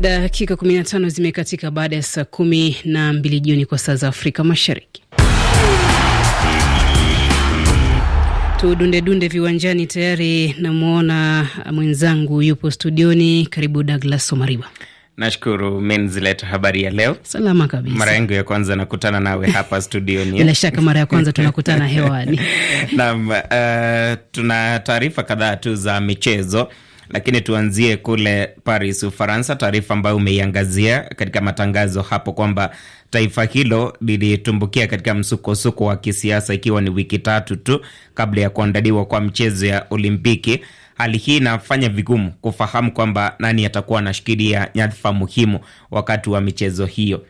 Dakika 15 zimekatika baada ya saa kumi na mbili jioni kwa saa za Afrika Mashariki. tudundedunde viwanjani, tayari namwona mwenzangu yupo studioni. Karibu Douglas Omariba. Nashukuru Minzlet, habari ya leo? Salama kabisa. Mara yangu ya kwanza nakutana nawe hapa studioni. Bila shaka mara ya kwanza tunakutana hewani. Naam, uh, tuna taarifa kadhaa tu za michezo. Lakini tuanzie kule Paris, Ufaransa, taarifa ambayo umeiangazia katika matangazo hapo kwamba taifa hilo lilitumbukia katika msukosuko wa kisiasa ikiwa ni wiki tatu tu kabla ya kuandaliwa kwa mchezo ya Olimpiki. Hali hii inafanya vigumu kufahamu kwamba nani atakuwa anashikilia nyadhifa muhimu wakati wa michezo hiyo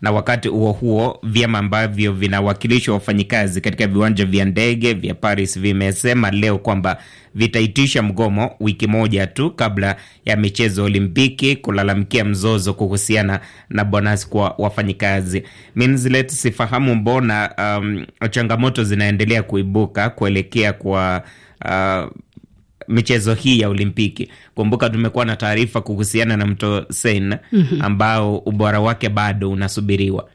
na wakati huo huo vyama ambavyo vinawakilishwa wafanyikazi katika viwanja vya ndege vya Paris vimesema leo kwamba vitaitisha mgomo wiki moja tu kabla ya michezo ya Olimpiki kulalamikia mzozo kuhusiana na bonasi kwa wafanyikazi. Minslet, sifahamu mbona um, changamoto zinaendelea kuibuka kuelekea kwa uh, michezo hii ya Olimpiki. Kumbuka tumekuwa na taarifa kuhusiana na mto Sen mhm. ambao ubora wake bado unasubiriwa.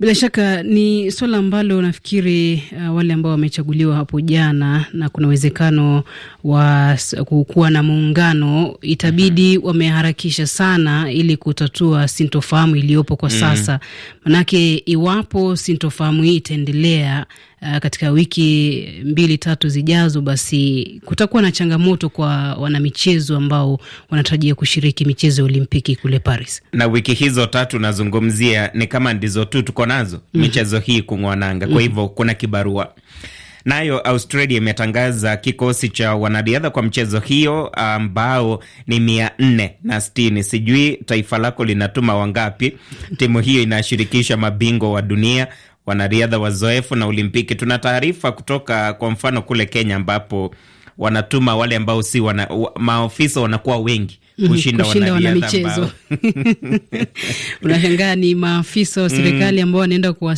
Bila shaka ni suala ambalo nafikiri uh, wale ambao wamechaguliwa hapo jana na kuna uwezekano wa kuwa na muungano itabidi mm -hmm. wameharakisha sana ili kutatua sintofahamu iliyopo kwa mhm. sasa mm -hmm. Manake iwapo sintofahamu hii itaendelea Eh, katika wiki mbili tatu zijazo, basi kutakuwa na changamoto kwa wanamichezo ambao wanatarajia kushiriki michezo ya Olimpiki kule Paris. Na wiki hizo tatu nazungumzia ni kama ndizo tu tuko nazo mm -hmm. michezo hii kung'wananga, kwa mhm. hivyo mm -hmm. kuna kibarua Nayo Australia imetangaza kikosi cha wanariadha kwa mchezo hiyo ambao ni mia nne na sitini. Sijui taifa lako linatuma wangapi. Timu hiyo inashirikisha mabingwa wa dunia, wanariadha wazoefu na Olimpiki. Tuna taarifa kutoka kwa mfano kule Kenya ambapo wanatuma wale ambao si wana, maofisa wanakuwa wengi mhm, kushinda, kushinda wanamichezo unashangaa ni maafisa wa mm. serikali ambao wanaenda uh,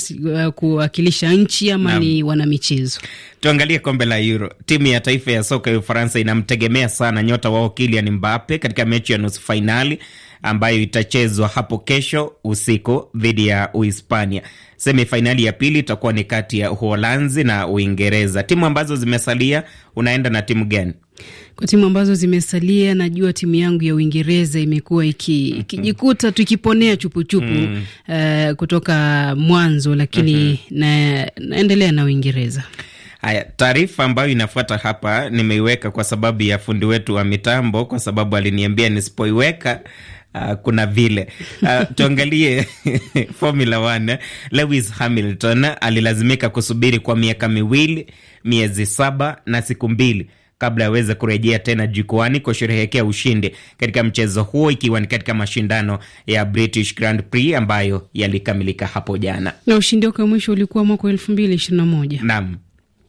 kuwakilisha nchi ama na, ni wanamichezo. Tuangalie kombe la Euro. Timu ya taifa ya soka ya Ufaransa inamtegemea sana nyota wao Kylian Mbappe katika mechi ya nusu fainali ambayo itachezwa hapo kesho usiku dhidi ya Uhispania. Semi fainali ya pili itakuwa ni kati ya Uholanzi na Uingereza. Timu ambazo zimesalia, unaenda na timu gani? Kwa timu ambazo zimesalia, najua timu yangu ya Uingereza imekuwa ikijikuta iki, tukiponea chupuchupu mm. uh, kutoka mwanzo, lakini mm -hmm. na, naendelea na Uingereza. Haya, taarifa ambayo inafuata hapa nimeiweka kwa sababu ya fundi wetu wa mitambo, kwa sababu aliniambia nisipoiweka Uh, kuna vile uh, tuangalie Formula 1. Lewis Hamilton alilazimika kusubiri kwa miaka miwili, miezi saba na siku mbili kabla aweze kurejea tena jukwani kusherehekea ushindi katika mchezo huo, ikiwa ni katika mashindano ya British Grand Prix ambayo yalikamilika hapo jana, na ushindi wake wa mwisho ulikuwa mwaka elfu mbili moja. Naam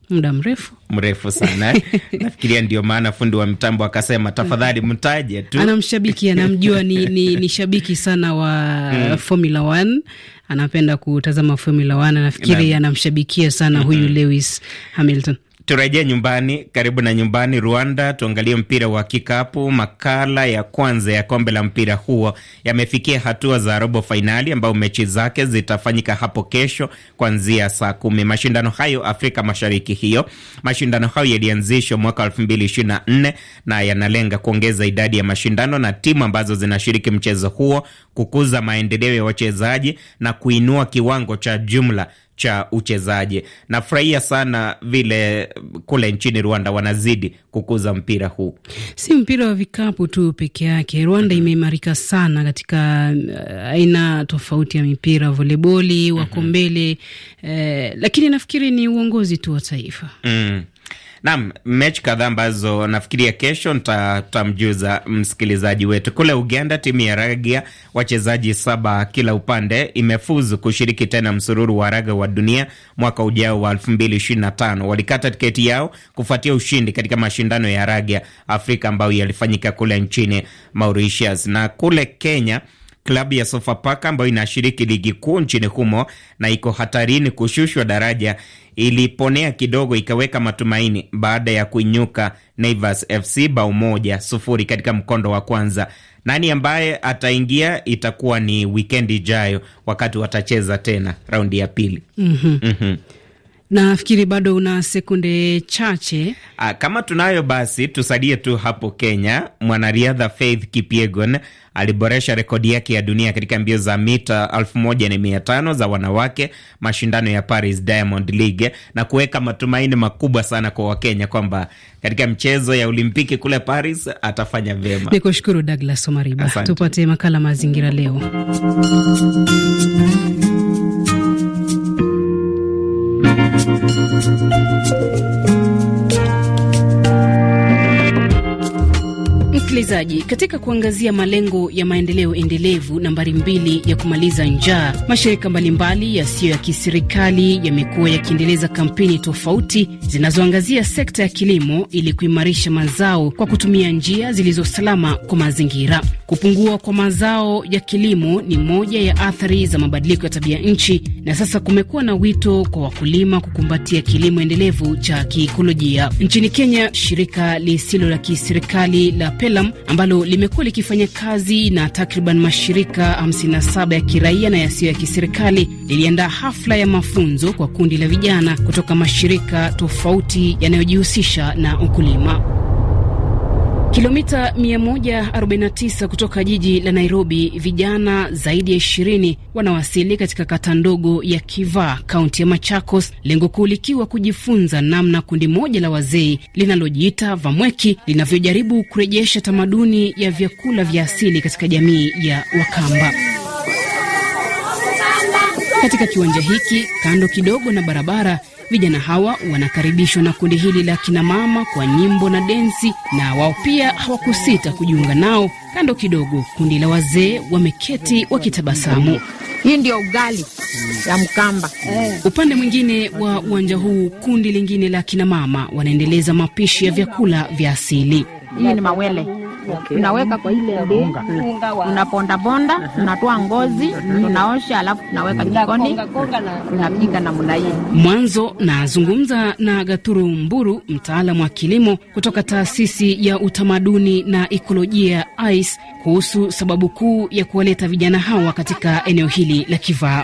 muda mrefu mrefu sana nafikiria ndio maana fundi wa mtambo akasema tafadhali mtaje tu. Anamshabiki, anamjua ni, ni, ni shabiki sana wa mm. Formula 1 anapenda kutazama Formula 1 nafikiri anamshabikia sana mm -hmm. huyu Lewis Hamilton. Turejee nyumbani, karibu na nyumbani Rwanda, tuangalie mpira wa kikapu. Makala ya kwanza ya kombe la mpira huo yamefikia hatua za robo fainali, ambayo mechi zake zitafanyika hapo kesho kuanzia saa kumi. Mashindano hayo Afrika Mashariki hiyo mashindano hayo yalianzishwa mwaka elfu mbili ishirini na nne na yanalenga kuongeza idadi ya mashindano na timu ambazo zinashiriki mchezo huo, kukuza maendeleo ya wachezaji na kuinua kiwango cha jumla cha uchezaji. Nafurahia sana vile kule nchini Rwanda wanazidi kukuza mpira huu, si mpira wa vikapu tu peke yake. Rwanda mm -hmm. imeimarika sana katika uh, aina tofauti ya mipira, voleboli mm-hmm. wako mbele mm -hmm. eh, lakini nafikiri ni uongozi tu wa taifa mm Naam, mechi kadhaa ambazo nafikiria kesho tutamjuza msikilizaji wetu. Kule Uganda, timu ya raga wachezaji saba kila upande imefuzu kushiriki tena msururu wa raga wa dunia mwaka ujao wa 2025. Walikata tiketi yao kufuatia ushindi katika mashindano ya raga Afrika ambayo yalifanyika kule nchini Mauritius na kule Kenya Klabu ya Sofapaka ambayo inashiriki ligi kuu nchini humo na iko hatarini kushushwa daraja, iliponea kidogo ikaweka matumaini baada ya kuinyuka Naivas FC bao moja sufuri katika mkondo wa kwanza. Nani ambaye ataingia itakuwa ni wikendi ijayo, wakati watacheza tena raundi ya pili. mm -hmm. Mm -hmm. Nafikiri bado una sekunde chache. Aa, ah, kama tunayo basi tusalie tu hapo Kenya. Mwanariadha Faith Kipyegon aliboresha rekodi yake ya dunia katika mbio za mita 1500 za wanawake, mashindano ya Paris Diamond League, na kuweka matumaini makubwa sana kwa Wakenya kwamba katika mchezo ya Olimpiki kule Paris atafanya vyema. Ni kushukuru Douglas Omariba. Tupate makala mazingira leo Msikilizaji, katika kuangazia malengo ya maendeleo endelevu nambari mbili ya kumaliza njaa, mashirika mbalimbali yasiyo ya kiserikali yamekuwa yakiendeleza kampeni tofauti zinazoangazia sekta ya kilimo ili kuimarisha mazao kwa kutumia njia zilizosalama kwa mazingira. Kupungua kwa mazao ya kilimo ni moja ya athari za mabadiliko ya tabia nchi, na sasa kumekuwa na wito kwa wakulima kukumbatia kilimo endelevu cha kiikolojia. Nchini Kenya, shirika lisilo la kiserikali la Pelam ambalo limekuwa likifanya kazi na takriban mashirika 57 ya kiraia na yasiyo ya kiserikali liliandaa hafla ya mafunzo kwa kundi la vijana kutoka mashirika tofauti yanayojihusisha na ukulima. Kilomita 149 kutoka jiji la Nairobi, vijana zaidi ya 20 wanawasili katika kata ndogo ya Kivaa, kaunti ya Machakos, lengo kuu likiwa kujifunza namna kundi moja la wazee linalojiita Vamweki linavyojaribu kurejesha tamaduni ya vyakula vya asili katika jamii ya Wakamba. Katika kiwanja hiki kando kidogo na barabara Vijana hawa wanakaribishwa na kundi hili la kinamama kwa nyimbo na densi, na wao pia hawakusita kujiunga nao. Kando kidogo, kundi la wazee wameketi wakitabasamu. Hii ndio ugali ya Mkamba. Upande mwingine wa uwanja huu, kundi lingine la kinamama wanaendeleza mapishi ya vyakula vya asili. Hii ni mawele okay. Tunaweka kwa ile unga, tunapondabonda uh -huh. Tunatoa ngozi uh -huh. Tunaosha uh-huh. alafu tunaweka jikoni tunapika na hii. Mwanzo nazungumza na Gaturu Mburu, mtaalamu wa kilimo kutoka taasisi ya utamaduni na ekolojia ICE, kuhusu sababu kuu ya kuwaleta vijana hawa katika eneo hili la Kivaa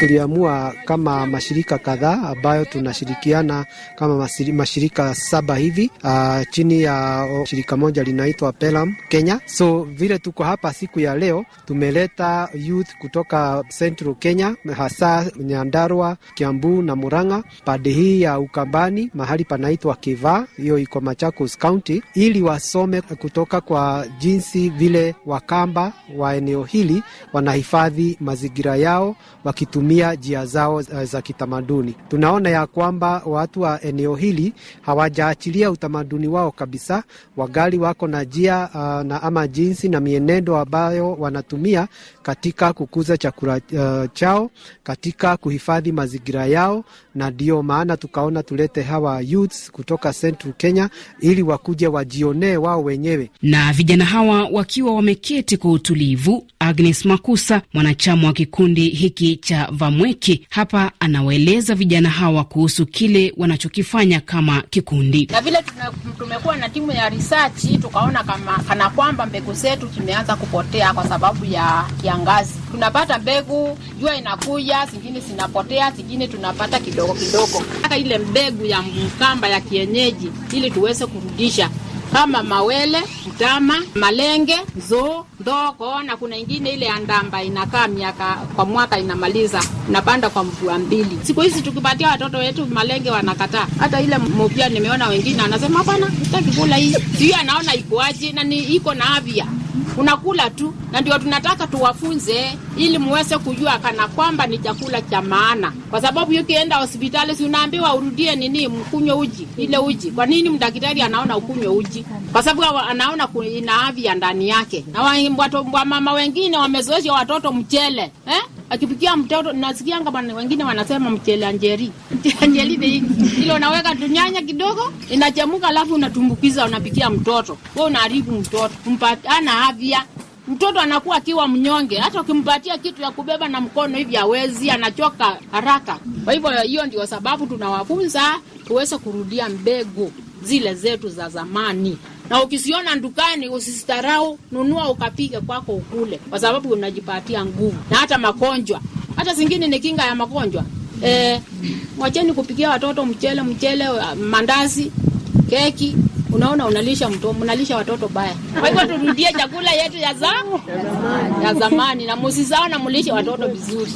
tuliamua kama mashirika kadhaa ambayo tunashirikiana kama mashirika saba hivi uh, chini ya uh, shirika moja linaitwa Pelam Kenya. So vile tuko hapa siku ya leo, tumeleta youth kutoka Central Kenya, hasa Nyandarua, Kiambu na Murang'a, pande hii ya Ukambani, mahali panaitwa Kiva, hiyo iko Machakos County, ili wasome kutoka kwa jinsi vile Wakamba wa eneo hili wanahifadhi mazingira yao wakitumia kutumia njia zao eh, za kitamaduni. Tunaona ya kwamba watu wa eneo hili hawajaachilia utamaduni wao kabisa. Wagali wako na njia eh, na ama jinsi na mienendo ambayo wanatumia katika kukuza chakula eh, chao, katika kuhifadhi mazingira yao na ndio maana tukaona tulete hawa youths kutoka Central Kenya ili wakuje wajionee wao wenyewe. Na vijana hawa wakiwa wameketi kwa utulivu, Agnes Makusa, mwanachama wa kikundi hiki cha Vamweki, hapa anawaeleza vijana hawa kuhusu kile wanachokifanya kama kikundi. Na vile tumekuwa na timu ya research, tukaona kama kana kwamba mbegu zetu zimeanza kupotea kwa sababu ya kiangazi. Tunapata mbegu, jua inakuja, zingine zinapotea, zingine tunapata kidogo kidogo kidogo, mpaka ile mbegu ya mkamba ya kienyeji, ili tuweze kurudisha kama mawele, mtama, malenge, zoo, ndoko na kuna ingine ile ya ndamba inakaa miaka kwa mwaka inamaliza, napanda kwa mvua mbili. Siku hizi tukipatia watoto wetu malenge wanakataa. Hata ile mopia nimeona wengine anasema hapana, sitaki kula hii, sijui anaona ikoaje na ni iko na afya unakula tu, na ndio tunataka tuwafunze, ili muweze kujua kana kwamba ni chakula cha maana, kwa sababu ukienda hospitali si unaambiwa urudie nini, mkunywe uji, ile uji. Kwa nini mdaktari anaona ukunywe uji? Kwa sababu anaona ina afya ndani yake, na wa mama wengine wamezoesha watoto mchele eh? akipikia mtoto. Nasikianga bwana, wengine wanasema mchele anjeri, anjeri ni ile unaweka tunyanya kidogo, inachemuka, alafu unatumbukiza, unapikia mtoto. Wewe unaharibu mtoto, mpatana afya mtoto anakuwa akiwa mnyonge. Hata ukimpatia kitu ya kubeba na mkono hivi hawezi, anachoka haraka. Kwa hivyo hiyo ndio sababu tunawafunza tuweze kurudia mbegu zile zetu za zamani na ukisiona ndukani usistarau, nunua ukapike kwako ukule, kwa sababu unajipatia nguvu na hata magonjwa, hata zingine ni kinga ya magonjwa. Eh, mwacheni kupikia watoto mchele, mchele, mandazi, keki. Unaona, unalisha mto, unalisha watoto baya. Kwa hivyo turudie chakula yetu ya, zamani ya zamani na musisao na mulishe watoto vizuri.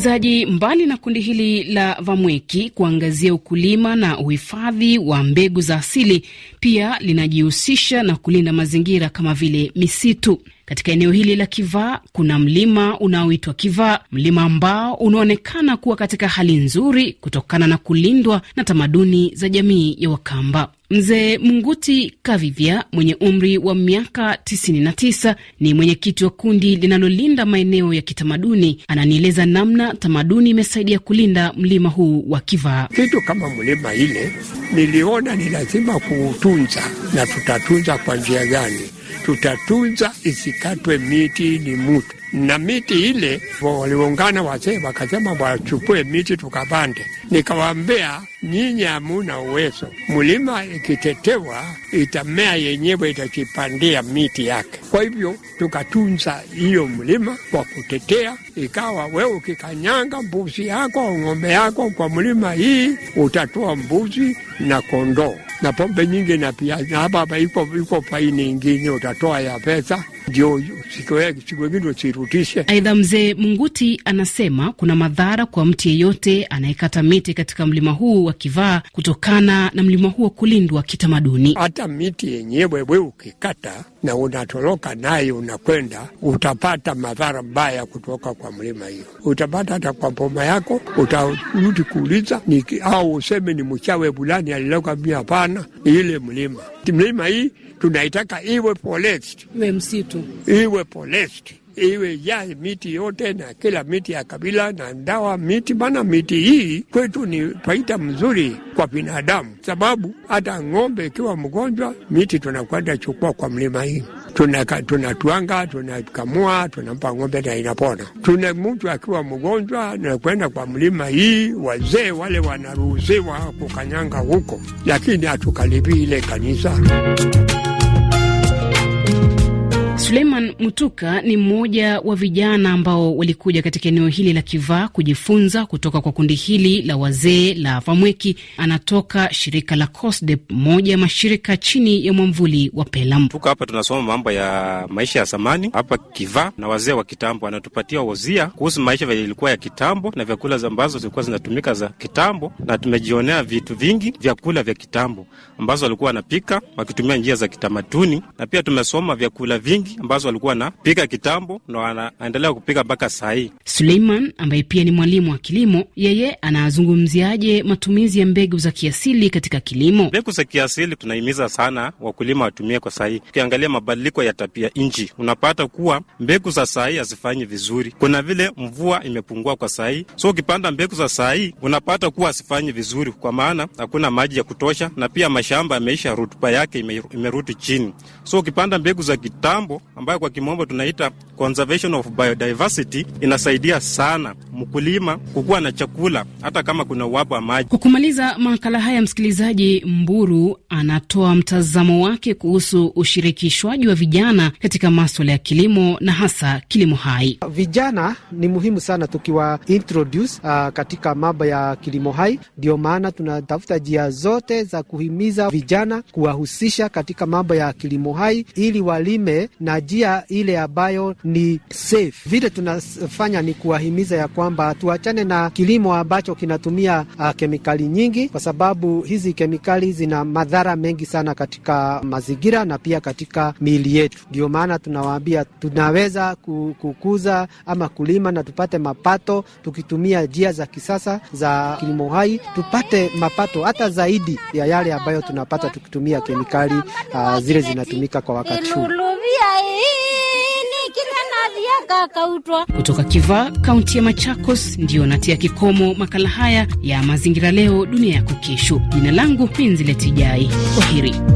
Msikilizaji, mbali na kundi hili la Vamweki kuangazia ukulima na uhifadhi wa mbegu za asili, pia linajihusisha na kulinda mazingira kama vile misitu. Katika eneo hili la Kivaa kuna mlima unaoitwa Kivaa, mlima ambao unaonekana kuwa katika hali nzuri kutokana na kulindwa na tamaduni za jamii ya Wakamba. Mzee Munguti Kavivya mwenye umri wa miaka 99 ni mwenyekiti wa kundi linalolinda maeneo ya kitamaduni. Ananieleza namna tamaduni imesaidia kulinda mlima huu wa Kivaa. Kitu kama mlima ile niliona ni lazima kuutunza, na tutatunza kwa njia gani? tutatunza isikatwe miti ni mutu na miti ile waliungana wazee wakasema wachukue miti tukapande. Nikawaambia, nyinyi hamuna uwezo, mlima ikitetewa itamea yenyewe, itajipandia miti yake. Kwa hivyo tukatunza hiyo mlima kwa kutetea, ikawa wewe ukikanyanga mbuzi yako au ng'ombe yako kwa mlima hii utatoa mbuzi na kondoo na pombe nyingi na pia na hapa hapa iko iko faini ingine utatoa ya pesa ndio Aidha, mzee Munguti anasema kuna madhara kwa mtu yeyote anayekata miti katika mlima huu wa Kivaa kutokana na mlima huo kulindwa kitamaduni. Hata miti yenyewe we ukikata na unatoroka naye unakwenda, utapata madhara mbaya kutoka kwa mlima hiyo. Utapata hata kwa boma yako, utarudi kuuliza au useme ni mchawe fulani alilokamia. Hapana, ni ile mlima. Mlima hii tunaitaka iwe forest, iwe msitu, iwe iwe polest iwe ya miti yote na kila miti ya kabila na ndawa miti, maana miti hii kwetu ni faida mzuri kwa binadamu, sababu hata ng'ombe ikiwa mgonjwa, miti tunakwenda chukua kwa mlima hii tunatwanga tuna tunakamua tunampa ng'ombe na inapona. Tuna mtu akiwa mgonjwa nakwenda kwa mlima hii, wazee wale wanaruhusiwa kukanyanga huko, lakini hatukaribii ile kanisa Suleiman Mutuka ni mmoja wa vijana ambao walikuja katika eneo hili la Kivaa kujifunza kutoka kwa kundi hili la wazee la famweki Anatoka shirika la COSDEP, moja ya mashirika chini ya mwamvuli wa Pelam. Tuka hapa tunasoma mambo ya maisha ya zamani hapa Kivaa na wazee wa kitambo, anatupatia wazia kuhusu maisha vile ilikuwa ya kitambo na vyakula ambazo zilikuwa zinatumika za kitambo, na tumejionea vitu vingi vyakula vya kitambo ambazo walikuwa wanapika wakitumia njia za kitamaduni, na pia tumesoma vyakula vingi ambazo walikuwa wanapiga kitambo na wanaendelea kupika mpaka saa hii. Suleiman ambaye pia ni mwalimu wa kilimo, yeye anazungumziaje matumizi ya mbegu za kiasili katika kilimo? Mbegu za kiasili tunahimiza sana wakulima watumie kwa sahii. Ukiangalia mabadiliko ya tabia nchi, unapata kuwa mbegu za sahii hazifanyi vizuri. Kuna vile mvua imepungua kwa sahii, so ukipanda mbegu za sahii unapata kuwa hazifanyi vizuri, kwa maana hakuna maji ya kutosha, na pia mashamba yameisha, rutuba yake imerudi chini. So ukipanda mbegu za kitambo ambayo kwa kimombo tunaita conservation of biodiversity inasaidia sana mkulima kukuwa na chakula hata kama kuna uwapo wa maji. Kwa kumaliza makala haya, msikilizaji, Mburu anatoa mtazamo wake kuhusu ushirikishwaji wa vijana katika maswala ya kilimo na hasa kilimo hai. Vijana ni muhimu sana tukiwa introduce, uh, katika mambo ya kilimo hai. Ndio maana tunatafuta njia zote za kuhimiza vijana kuwahusisha katika mambo ya kilimo hai ili walime na na njia ile ambayo ni safe. Vile tunafanya ni kuwahimiza ya kwamba tuachane na kilimo ambacho kinatumia uh, kemikali nyingi, kwa sababu hizi kemikali zina madhara mengi sana katika mazingira na pia katika miili yetu. Ndio maana tunawaambia tunaweza kukuza ama kulima na tupate mapato tukitumia njia za kisasa za kilimo hai, tupate mapato hata zaidi ya yale ambayo tunapata tukitumia kemikali uh, zile zinatumika kwa wakati huu kaa kautwa kutoka Kivaa, kaunti ya Machakos. Ndiyo natia kikomo makala haya ya mazingira leo, dunia yako kesho. Jina langu Minziletijai, kwaheri.